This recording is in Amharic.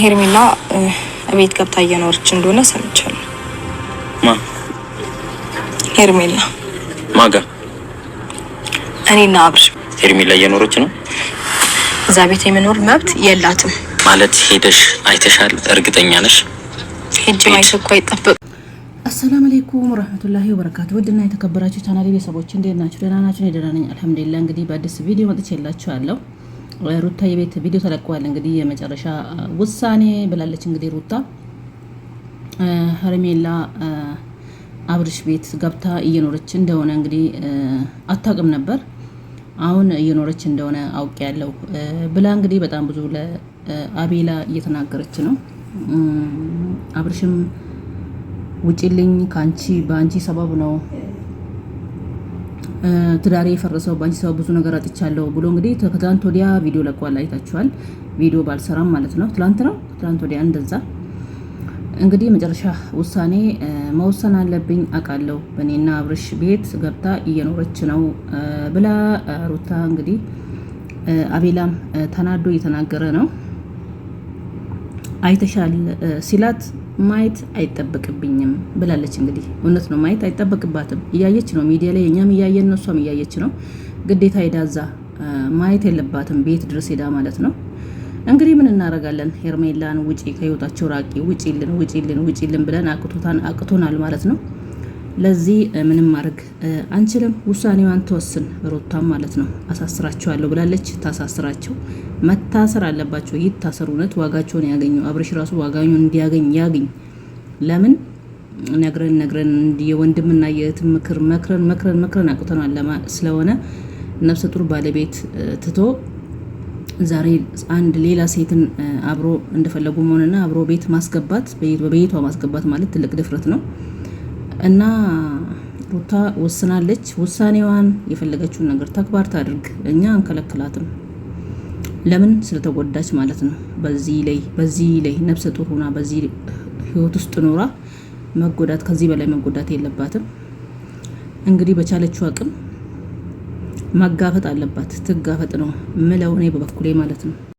ሄርሜላ እቤት ገብታ እየኖረች እንደሆነ ሰምቻለሁ። ማ ሄርሜላ ማጋ እኔና አብርሽ ሄርሜላ እየኖረች ነው። እዛ ቤት የመኖር መብት የላትም ማለት ሄደሽ አይተሻል? እርግጠኛ ነሽ? ሄጅ ማየት እኮ አይጠበቅም። አሰላም አለይኩም ወራህመቱላሂ ወበረካቱ። ውድና የተከበራችሁ ቻናሌ ቤተሰቦች እንዴት ናችሁ? ደህና ናችሁ? ደህና ነኝ አልሐምዱሊላህ። እንግዲህ በአዲስ ቪዲዮ መጥቼ ሩታ የቤት ቪዲዮ ተለቀዋል። እንግዲህ የመጨረሻ ውሳኔ ብላለች። እንግዲህ ሩታ ሀረሜላ አብርሽ ቤት ገብታ እየኖረች እንደሆነ እንግዲህ አታውቅም ነበር። አሁን እየኖረች እንደሆነ አውቅ ያለው ብላ እንግዲህ በጣም ብዙ ለአቤላ እየተናገረች ነው። አብርሽም ውጭልኝ ከአንቺ በአንቺ ሰበብ ነው ትዳሬ የፈረሰው ባንቺ ሰው ብዙ ነገር አጥቻለሁ ብሎ እንግዲህ ከትላንት ወዲያ ቪዲዮ ለቋል። አይታችኋል። ቪዲዮ ባልሰራም ማለት ነው። ትላንት ነው ትላንት ወዲያ እንደዛ እንግዲህ መጨረሻ ውሳኔ መወሰን አለብኝ አውቃለሁ። በእኔና አብርሽ ቤት ገብታ እየኖረች ነው ብላ ሩታ እንግዲህ አቤላም ተናዶ እየተናገረ ነው አይተሻል ሲላት ማየት አይጠበቅብኝም ብላለች። እንግዲህ እውነት ነው፣ ማየት አይጠበቅባትም። እያየች ነው ሚዲያ ላይ እኛም እያየን ነው፣ እሷም እያየች ነው። ግዴታ ሄዳ ማየት የለባትም ቤት ድረስ ሄዳ ማለት ነው። እንግዲህ ምን እናደርጋለን? ሄርሜላን ውጪ፣ ከህይወታቸው ራቂ፣ ውጪልን፣ ውጪልን፣ ውጪልን ብለን አቅቶታን አቅቶናል ማለት ነው። ለዚህ ምንም ማድረግ አንችልም። ውሳኔዋን ተወስን ሩታም ማለት ነው። አሳስራችኋለሁ ብላለች። ታሳስራቸው መታሰር አለባቸው። ይታሰሩ። እውነት ዋጋቸውን ያገኙ። አብርሽ ራሱ ዋጋኙን እንዲያገኝ ያገኝ። ለምን ነግረን ነግረን የወንድምና የእህት ምክር መክረን መክረን መክረን አቁተናል ስለሆነ ነፍሰ ጡር ባለቤት ትቶ ዛሬ አንድ ሌላ ሴትን አብሮ እንደፈለጉ መሆንና አብሮ ቤት ማስገባት በቤቷ ማስገባት ማለት ትልቅ ድፍረት ነው። እና ሩታ ወስናለች። ውሳኔዋን የፈለገችውን ነገር ተግባር ታድርግ፣ እኛ አንከለክላትም። ለምን ስለተጎዳች ማለት ነው። በዚህ ላይ በዚህ ላይ ነፍሰ ጡር ሆና በዚህ ህይወት ውስጥ ኖራ መጎዳት ከዚህ በላይ መጎዳት የለባትም። እንግዲህ በቻለችው አቅም መጋፈጥ አለባት። ትጋፈጥ ነው ምለው እኔ በበኩሌ ማለት ነው።